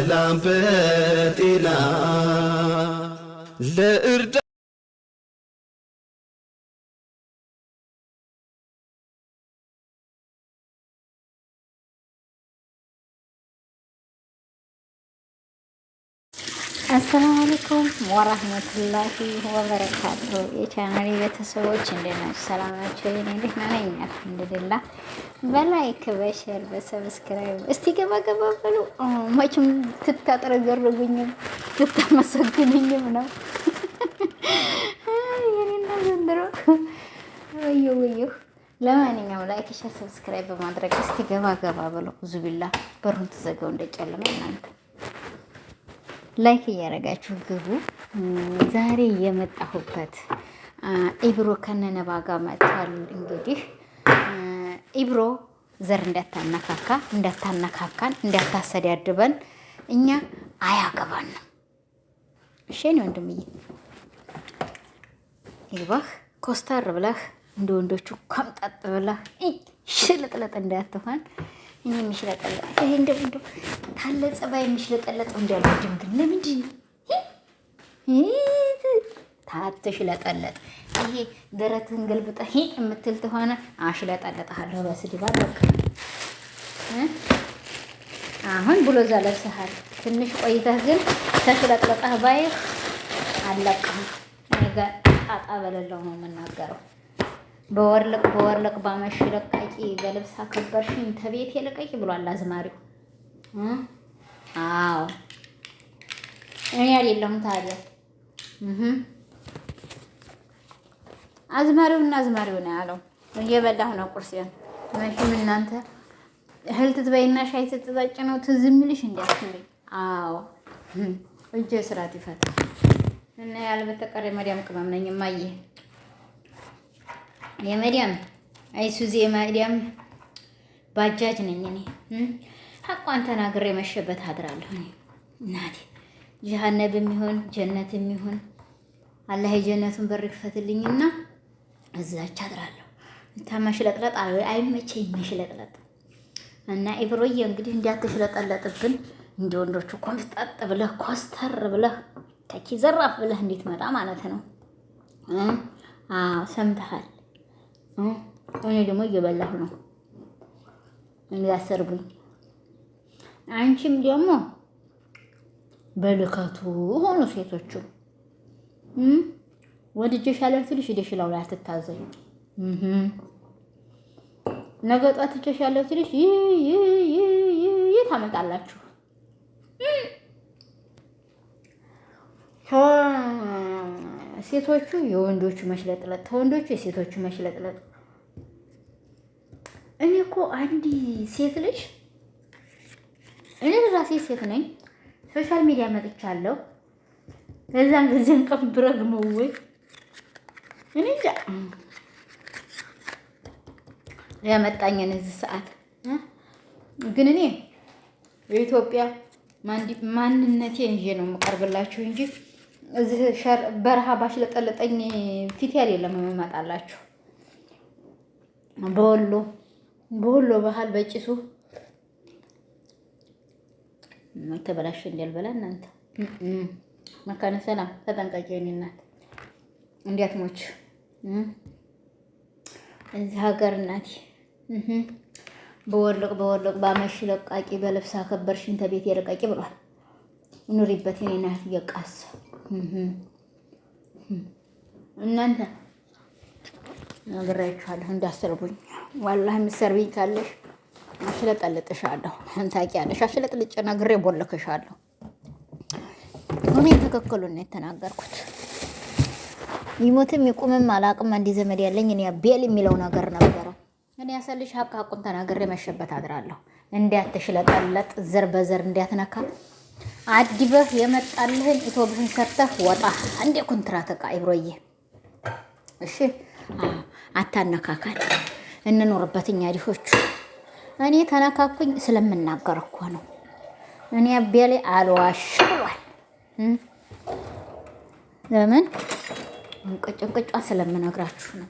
በሰላም በጤና ለእርዳ አሰላሙ አለይኩም ወራህመቱላሂ ወበረካቱ። የቻናሌ ቤተሰቦች እንዴት ናችሁ? ሰላም ናቸው። እኔ እንዴት ነኝ? አልሐምዱሊላህ። በላይክ በሼር በሰብስክራይብ እስቲ ገባ ገባ በሉ። መቼም ትታጥረገርጉኝም ትታመሰግኑኝም ነው የኔና ዘንድሮ ወዮ ወዮ። ለማንኛውም ላይክ ሼር ሰብስክራይብ በማድረግ እስቲ ገባ ገባ በሉ። ብዙ በሩን ትዘጋው እንደጨለመ እናንተ ላይክ እያደረጋችሁ ግቡ። ዛሬ የመጣሁበት ኢብሮ ከነነባ ጋር መጥቷል። እንግዲህ ኢብሮ ዘር እንዳታነካካ እንዳታነካካን እንዳታሰዳድበን እኛ አያገባንም። እሺ እኔ ወንድምዬ ይግባህ፣ ኮስታር ብለህ እንደ ወንዶቹ ከምጠጥ ብለህ ሽልጥለጥ እንዳትሆን እኔ የሚሽለጠለ ይሄ እንደ እንደው ታለ ጸባይ የሚሽለጠለጠው እንዳልወድም ግን ለምንድን ታትሽለጠለጥ ይሄ ደረትህን ገልብጠ የምትል ተሆነ አሽለጠለጥሃለሁ። በስድባ በቃ አሁን ብሎዛ ለብሰሃል። ትንሽ ቆይተህ ግን ተሽለጥለጠህ ባይህ አለቅህም። እኔ ጋር ጣጣ በለለው ነው የምናገረው። በወርልቅ በወርልቅ ባመሽ ለቃቂ በልብስ አከበርሽኝ ተቤት የለቀቂ ብሏል አዝማሪው። አዎ እኔ አይደለሁም ታዲያ አዝማሪውና አዝማሪው ነው ያለው። እየበላሁ ነው ቁርሴን። መቼም እናንተ እህል ትትበይና ሻይ ስትጠጪ ነው ትዝ የሚልሽ እንዲያስብልኝ። አዎ እጄ ስራት ይፈታል እና ያልበተቀር የመዲያም ቅመም ነኝ እማዬ፣ የመዲያም አይሱዚ፣ የመዲያም ባጃጅ ነኝ እኔ። ሐቋን ተናግሬ መሸበት አድራለሁ። እናቴ ጀሃነብ የሚሆን ጀነት የሚሆን አላህ የጀነቱን በር ክፈትልኝና እዛች አድራለሁ። ታመሽለጥለጥ አይመቸኝም መሽለጥለጥ እና ኢብሮዬ እንግዲህ እንዳትሽለጠለጥብን እንደ ወንዶቹ ኮምስጠጥ ብለህ ኮስተር ብለህ ተኪ ዘራፍ ብለህ እንዴት መጣ ማለት ነው። አዎ ሰምተሃል። እኔ ደግሞ እየበላሁ ነው እንዳሰርቡኝ አንቺም ደግሞ በልከቱ ሆኖ ሴቶቹ ወድጀሽ ያለን ትልሽ ሂደሽ ላው ላይ አትታዘኝ። ነገ ጧት ትቼሽ ያለን ስልሽ ይህ ታመጣላችሁ። ሴቶቹ የወንዶቹ መሽለጥለጥ፣ ከወንዶቹ የሴቶቹ መሽለጥለጥ። እኔ እኮ አንድ ሴት ልጅ እኔ ራሴ ሴት ነኝ፣ ሶሻል ሚዲያ መጥቻለሁ። በዛን ጊዜ እንቀብረግ ነው ወይ እኔ እንጃ ያመጣኝን እዚህ ሰዓት። ግን እኔ የኢትዮጵያ ማንነቴ እንጂ ነው የምቀርብላችሁ እንጂ እዚህ በረሃ ባሽለጠለጠኝ ፊት ያል የለም የምመጣላችሁ በወሎ በወሎ ባህል በጭሱ የተበላሸ እንዳልበላ እናንተ መካነ ሰላም ተጠንቀቂ። የኔ እናት እንዴት ሞች እዚህ ሀገር እናቴ በወርልቅ በወርልቅ በአመሽ ለቃቂ በልብስ አከበርሽን ተቤት የለቃቂ ብሏል። ኑሪበት የእኔ እናት እየቃሰ እናንተ ነግራችኋለሁ እንዳሰርቡኝ ዋላ የምሰርብኝ ካለሽ አሽለጠልጥሻለሁ። ታውቂያለሽ፣ አሽለጥልጭ ነግሬ ቦልክሻለሁ። እኔ ትክክሉን ነው የተናገርኩት። ይሞትም ይቁምም አላቅም። አንድ ዘመድ ያለኝ እኔ ቤል የሚለው ነገር ነበረው። እኔ ያሰልሽ ሀቅ ሀቁን ተናግሬ መሸበት አድራለሁ። እንዲያትሽለጠለጥ ዘር በዘር እንዲያትነካ አዲበህ የመጣልህን ኢትዮብህን ሰርተህ ወጣ። እንዴ ኮንትራት እቃ ይብሮዬ፣ እሺ አታነካካል። እንኖርበት እኛ ዲሾቹ እኔ ተነካኩኝ ስለምናገር እኮ ነው። እኔ አቤ ላይ አልዋሽዋል። ለምን እንቅጭ እንቅጯን ስለምነግራችሁ ነው።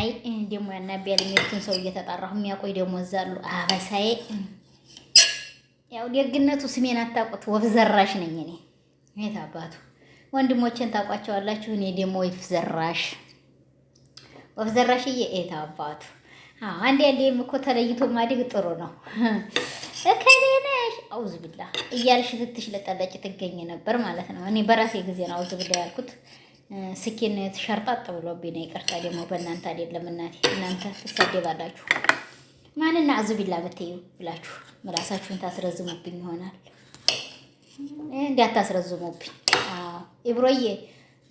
አይ ደግሞ ያና አቤ ላይ የሚሉትን ሰው እየተጣራሁ የሚያቆይ ደግሞ እዛሉ አበሳዬ። ያው ደግነቱ ስሜን አታውቁት፣ ወፍ ዘራሽ ነኝ እኔ። የት አባቱ ወንድሞቼን ታውቋቸዋላችሁ። እኔ ደግሞ ወፍ ዘራሽ ወፍ ዘራሽዬ፣ የት አባቱ አንዴ አንዴም እኮ ተለይቶ ማደግ ጥሩ ነው። እከሌነሽ አውዝ ብላ እያልሽ ለጠለጭ ትገኝ ነበር ማለት ነው። እኔ በራሴ ጊዜ ነው አውዝ ብላ ያልኩት። ስኪን ትሸርጣጥ ብሎብኝ ነው። ይቅርታ ደግሞ በእናንተ አይደለም እናቴ። እናንተ ትሰደባላችሁ። ማንና አውዝ ብላ ብትዩ ብላችሁ ምላሳችሁን ታስረዝሙብኝ ይሆናል። እንዲያታስረዝሙብኝ ኢብሮዬ፣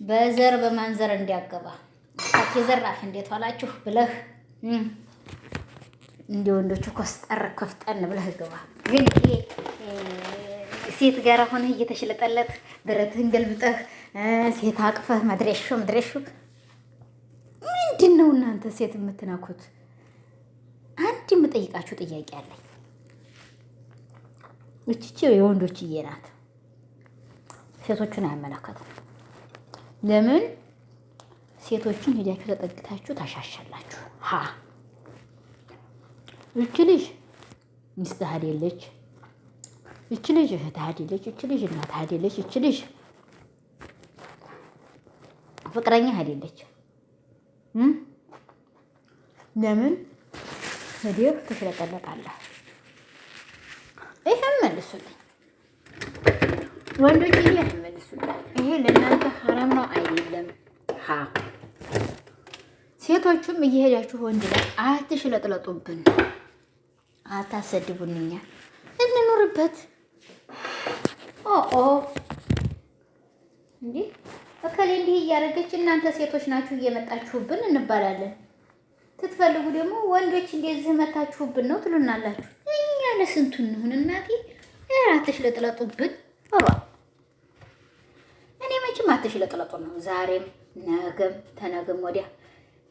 በዘር በማንዘር እንዲያገባ ሳት የዘራፍ እንዴት ዋላችሁ ብለህ እንደ ወንዶቹ ኮስጠር ኮፍጠን ብለህ ግባ። ግን ይሄ ሴት ጋር ሆነ እየተሽለጠለት ብረትህን ገልብጠህ ሴት አቅፈህ መድረሹ መድረሹ ምንድን ነው እናንተ ሴት የምትነኩት? አንድ የምጠይቃችሁ ጥያቄ አለኝ። እችችው የወንዶችዬ ናት፣ ሴቶቹን አያመለከትም። ለምን ሴቶችን ሄዳችሁ ተጠግታችሁ ታሻሻላችሁ? እች ልጅ ሚስትህ አይደለች፣ እች ልጅ እህትህ አይደለች፣ እች ልጅ እናትህ አይደለች፣ እች ልጅ ፍቅረኛህ አይደለች። ለምን ሄደህ ትሽለጠለጣለህ? ይህም መልሱልኝ ወንዶች፣ ይህ መልሱልኝ። ይሄ ለእናንተ ሀራም ነው አይደለም? ሀ ሴቶቹም እየሄዳችሁ ወንድ ላይ አትሽለጥለጡብን። አታሰድቡንኛ፣ እንኑርበት። ኦ እንዴ እከሌ እንዲህ እያደረገች እናንተ ሴቶች ናችሁ እየመጣችሁብን እንባላለን። ስትፈልጉ ደግሞ ወንዶች እንደዚህ መታችሁብን ነው ትሉናላችሁ። እኛ ለስንቱ እንሁን እናቴ፣ ለጥለጡብን ሯ እኔ መቼም አትሽ ለጥለጡ ነው። ዛሬም ነገም ተነገም ወዲያ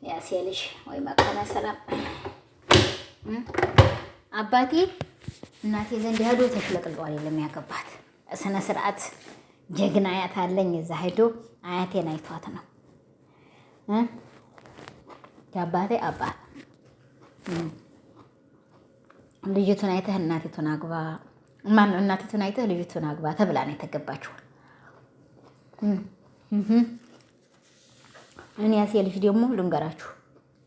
ያሴልሽ ወይ መካነ ሰላም አባቴ እናቴ ዘንድ ሄዶ ተሽለቅልቀዋል የለም ያገባት ስነ ስርዓት ጀግና አያት አለኝ። እዛ ሄዶ አያቴን አይቷት ነው የአባቴ አባት ልጅቱን አይተህ እናቴቱን አግባ ማነው እናቴቱን አይተህ ልጅቱን አግባ ተብላ ነው የተገባችው። እኔ ያሴ ልጅ ደግሞ ልንገራችሁ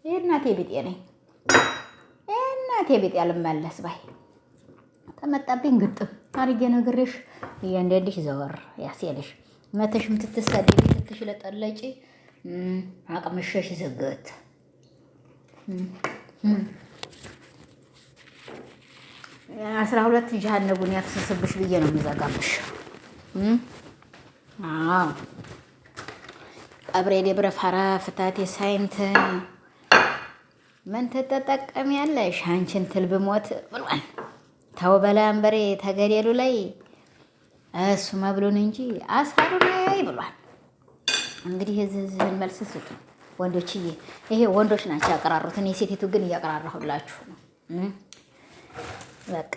ይህ እናቴ ብጤ ነኝ። እናቴ ቤት ያልመለስ ባይ ተመጣብኝ ግጥም አርጌ ነግርሽ እያንዳንድሽ ዘወር መተሽ ምትትሰድ ትትሳደቢ ትትሽለጠለጪ አቅምሸሽ ዘገት አስራ ሁለት ጀሃነቡን ያፍስስብሽ ብዬ ነው የምዘጋብሽ። ቀብሬ ደብረ ፋራ ፍታት የሳይንት ምን ትጠቀሚያለሽ አንቺን ትል ብሞት ብሏል። ተው በላ አንበሬ ተገደሉ ላይ እሱ መብሉን እንጂ አሳሩን አይ ብሏል። እንግዲህ እዚህን መልስ ስጡ ወንዶችዬ። ይሄ ወንዶች ናቸው ያቀራሩት፣ እኔ ሴቲቱ ግን እያቀራራሁላችሁ ነው። በቃ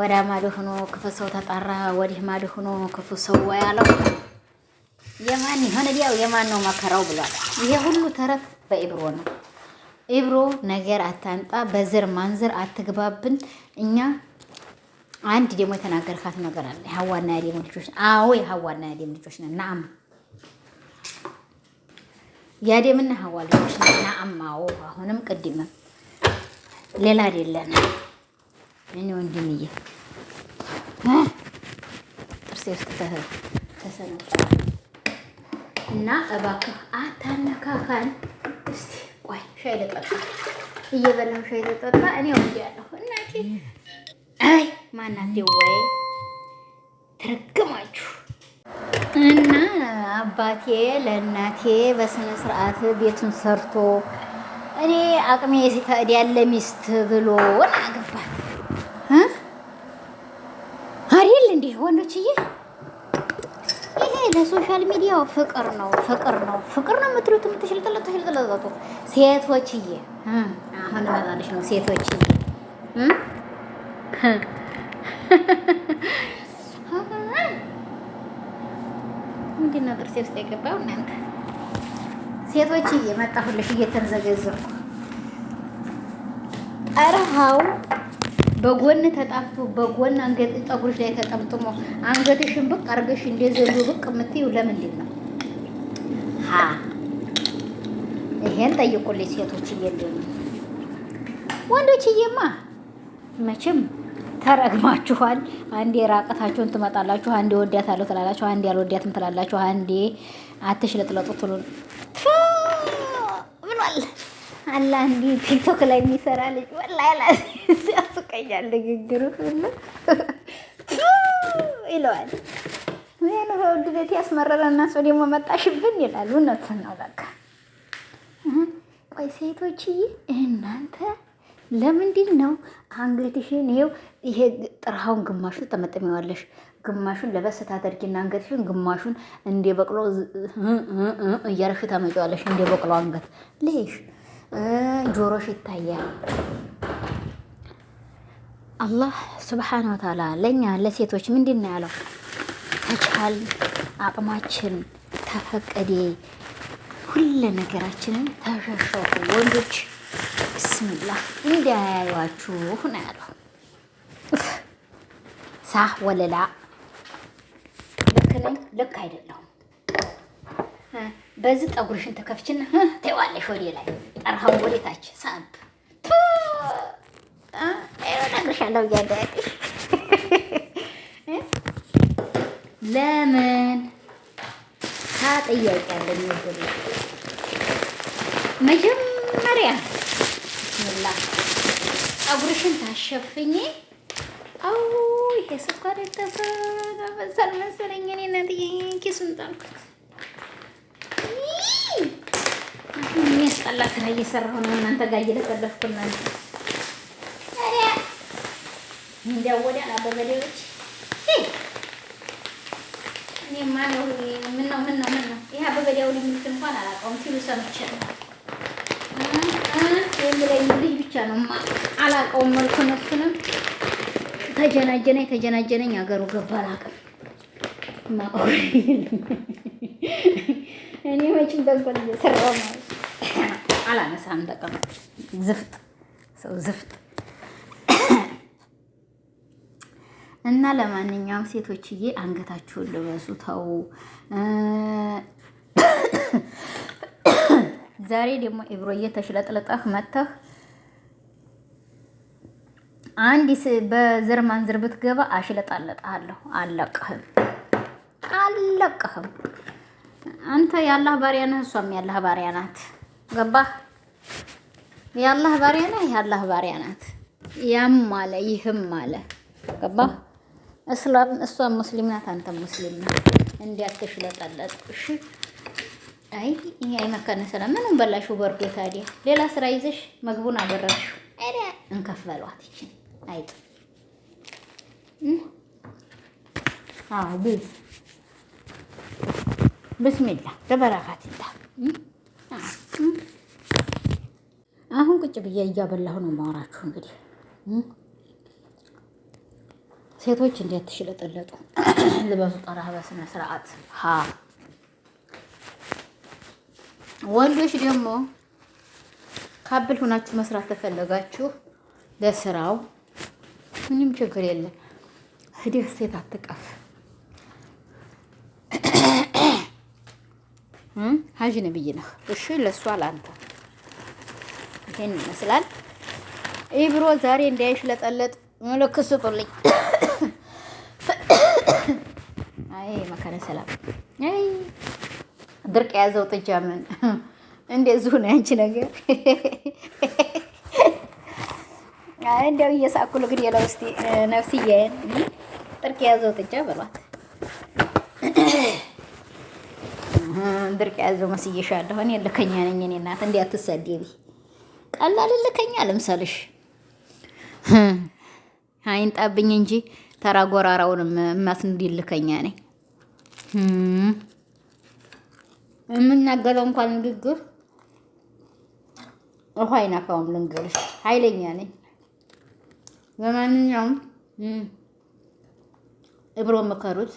ወዳ ማዶ ሆኖ ክፉ ሰው ተጣራ፣ ወዲህ ማዶ ሆኖ ክፉ ሰው ያለው የማን የሆነ ዲያው የማን ነው መከራው ብሏል። ይሄ ሁሉ ተረት በኢብሮ ነው። ኢብሮ ነገር አታንጣ በዘር ማንዘር አትግባብን። እኛ አንድ ደግሞ የተናገርካት ነገር አለ። የሀዋና ያዴም ልጆች አዎ፣ የሀዋና ያዴም ልጆች ነን። ናአም ያዴምና ሀዋ ልጆች ነን። ናአም አዎ፣ አሁንም ቅድምም ሌላ አይደለን። እኔ ወንድምዬ ጥርሴ ውስጥ ተሰነጠ እና እባክህ አታነካካን። ሻይ ልጠጣ እየበላሁ ሻይ ልጠጣ እኔ ወንድ እናቴ። አይ ማናት ወይ ተረግማችሁ እና አባቴ ለእናቴ በስነ ስርዓት ቤቱን ሰርቶ እኔ አቅሜ ሲፈቅድ ያለ ሚስት ብሎ አገባት አይደል እንዲህ ወንዶችዬ ይሄ ለሶሻል ሚዲያው ፍቅር ነው ፍቅር ነው ፍቅር ነው የምትሉት የምትሽልጥልጡ ሽልጥልጡ ሴቶችዬ፣ አሁን እመጣልሽ ነው ሴቶችዬ፣ ምንድን ነው ጥርሴ ውስጥ የገባው እናንተ ሴቶችዬ? መጣሁልሽ እየተንዘገዘኩ ኧረ በጎን ተጣፍቶ በጎን አንገት ጠጉርሽ ላይ ተጠምጥሞ አንገትሽን ብቅ አርገሽ እንደ ዘንዶ ብቅ የምትይው ለምንድን ነው? ሀ ይሄን ጠይቁልኝ ሴቶች እየለም ወንዶችዬማ መቼም ተረግማችኋል። አንዴ ራቀታችሁን ትመጣላችሁ፣ አንዴ ወዲያት አለው ትላላችሁ፣ አንዴ አልወዳትም ትላላችሁ፣ አንዴ አትሽለጥለጡ ትሉ ብሏል አላ እንዲህ ቲክቶክ ላይ የሚሰራ ልጅ ወላ ያስቀያል ንግግሩ እና ይለዋል። ምን በውድ ቤት ያስመረረ እና ሰው ደግሞ መጣሽብን ይላሉ። እውነትን ነው በቃ። ቆይ ሴቶችዬ እናንተ ለምንድን ነው አንገትሽን ይኸው ይሄ ጥርሃውን ግማሹን ጠመጥሚዋለሽ፣ ግማሹን ለበስ ታደርጊና አንገትሽን ግማሹን እንደ በቅሎ እያረግሽ ታመጪዋለሽ። እንደ በቅሎ አንገት ልሽ ጆሮሽ ይታያል። አላህ ስብሓነ ወተዓላ ለእኛ ለሴቶች ምንድን ነው ያለው? ተቻል አቅማችን ተፈቀዴ ሁለ ነገራችንን ተሸሸቁ፣ ወንዶች ብስምላ እንዳያዩችሁ ነው ያለው። ሳህ ወለላ ልክ ነኝ ልክ አይደለሁም። በዚህ ጠጉርሽን ተከፍችና ትይዋለሽ ወደ ላይ ጠርሃው ወደ ሳብ ጨርሻለሁ እያዳያቅሽ ለምን ታጥያቄ አለኝ ወደ መጀመሪያ ብስምላ ፀጉርሽን ታሸፍኝ። አው ይሄ ስኳር የተበዛል መሰለኝ። እኔ እናትዬ ኪሱን ጣልኩት። የሚያስጠላ ስራ እየሰራሁ ነው እናንተ ጋር እየለፈለፍኩ እናንተ ይደወዳል። አበበዴዎች እኔማ ነው ምነው ምነው ምነው ይህ አበበዴው ልጅ እንኳን አላውቀውም ሲሉ ሰምቼ ነው ልጅ ብቻ ነው አላውቀውም። መልኩን እሱንም ተጀናጀነኝ ተጀናጀነኝ አገሩ ገባ አላውቅም። እኔ መቼም እየሰራሁ ነው። አላነሳም። ዝፍጥ ሰው ዝፍጥ እና ለማንኛውም ሴቶችዬ አንገታችሁን ልበሱ። ተው። ዛሬ ደግሞ ኢብሮዬ ተሽለጥለጠህ መተህ አንድ በዘር ማንዘር ብትገባ አሽለጣለጣለሁ አለቅህም አለቅህም። አንተ የአላህ ባሪያ ነህ፣ እሷም ያላህ ባሪያ ናት። ገባህ? የአላህ ባሪያ ነህ፣ ያላህ ባሪያ ናት። ያም አለ ይህም አለ። ገባህ? እስላም እሷ ሙስሊም ናት፣ አንተ ሙስሊም ነው። እንዲያተሽለጠለጥ እሺ። አይ ይሄ አይመከነ ሰላም ምንም በላሹ በርዶ። ታዲያ ሌላ ስራ ይዘሽ ምግቡን አበረርሽው። አረ እንከፈሏት ይችን አይጥ። አዎ ቢ ብስሚላ ተበራካት እንዳ አሁን ቁጭ ብዬ እያበላሁ ነው ማውራችሁ እንግዲህ ሴቶች እንዴት ትሽለጠለጡ! ልበሱ ጠረህ በስነ ስርዓት። ሀ ወንዶች ደግሞ ካብል ሁናችሁ መስራት ተፈለጋችሁ ለስራው ምንም ችግር የለም። ህዲህ ሴት አትቀፍ ሀጅ ነብይ ነህ። እሺ ለእሷ ለአንተ ይህን ይመስላል። ኢብሮ ዛሬ እንዳይሽለጠለጥ ምልክት ስጡልኝ። አይ መካነ ሰላም አይ ድርቅ የያዘው ጥጃ ምን እንደዚሁ ነው ያንቺ ነገር። እንደው እየሳኩ ልግደለው እስኪ ነፍስዬን። ድርቅ የያዘው ጥጃ በሏት፣ ድርቅ የያዘው መስዬሻለሁ። እኔ ልከኛ ነኝ። እኔ እናት እንዲህ አትሳደቢ። ቀላል ልከኛ ልምሰልሽ አይንጣብኝ እንጂ ተራ ጎራራውንም እማት እንዲልከኛ ነኝ። የምናገረው እንኳን ንግግር ውሃ አይናካውም። ልንገርሽ ኃይለኛ ነኝ። ለማንኛውም እብሮ ምከሩት።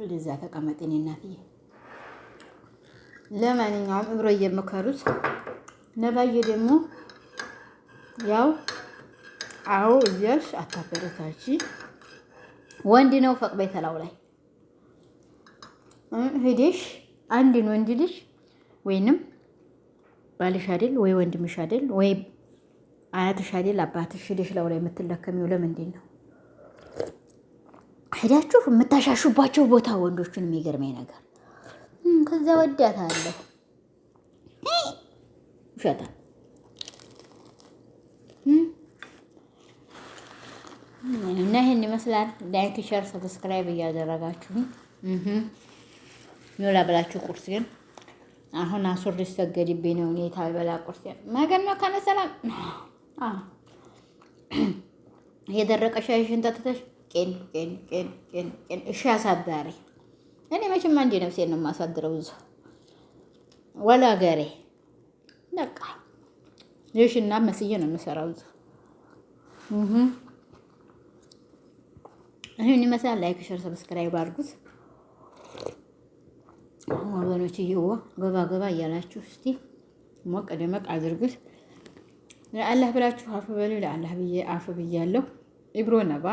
ወደዛ ተቀመጥ እኔ እናትዬ። ለማንኛውም እብሮ እየምከሩት ነባዬ ደግሞ ያው አዎ እያልሽ አታበረታች ወንድ ነው ፈቅ በተላው ላይ ሄደሽ አንድን ወንድ ልጅ ወይንም ባልሽ አይደል ወይ ወንድምሽ አይደል ወይ አያትሽ አይደል አባትሽ ሄደሽ ላው ላይ የምትለከሚው ለምንድን ነው? ሄዳችሁ የምታሻሹባቸው ቦታ ወንዶቹን የሚገርመኝ ነገር ከዛ ወዳት አለሁ ይሸጣል እና ይሄን ይመስላል። ላይክ፣ ሸር፣ ሰብስክራይብ እያደረጋችሁ ኖላ ብላችሁ ቁርስ ግን አሁን አሱር ሊሰገድብኝ ነው። እኔ ታልበላ ቁርስ ማገር ነው ካነ ከመሰላም የደረቀ ሻይሽን ጠጥተሽ ቄን ቄን ቄን ቄን ቄን። እሺ አሳዳሪ እኔ መቼም አንዴ ነፍሴን ነው የማሳድረው። እዛ ወላ ገሬ በቃ ይሽና መስዬ ነው የምሰራው እዛ ይህን ይመስላል። ላይክ፣ ሸር፣ ሰብስክራይብ አድርጉት ወገኖች። እየዋ ገባ ገባ እያላችሁ እስቲ ሞቅ ደመቅ አድርጉት። ለአላህ ብላችሁ አፍ በሉ። ለአላህ ብዬ አፍ ብያለሁ። ኢብሮ ነባ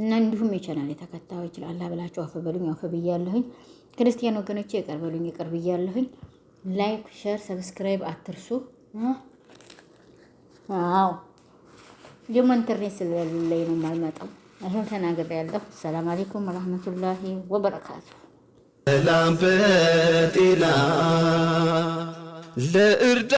እና እንዲሁም የቻናል የተከታዮች ለአላህ ብላችሁ አፍ በሉኝ፣ አፍ ብያለሁኝ። ክርስቲያን ወገኖች ይቅር በሉኝ፣ ይቅር ብያለሁኝ። ላይክ ሸር ሰብስክራይብ አትርሱ። አዎ ደግሞ ኢንተርኔት ስለሌለኝ ነው የማልመጣው። ይህም ተናግሬያለሁ። ሰላም አለይኩም ወረህመቱላሂ ወበረካቱ። ሰላም በጤና ለእርዳ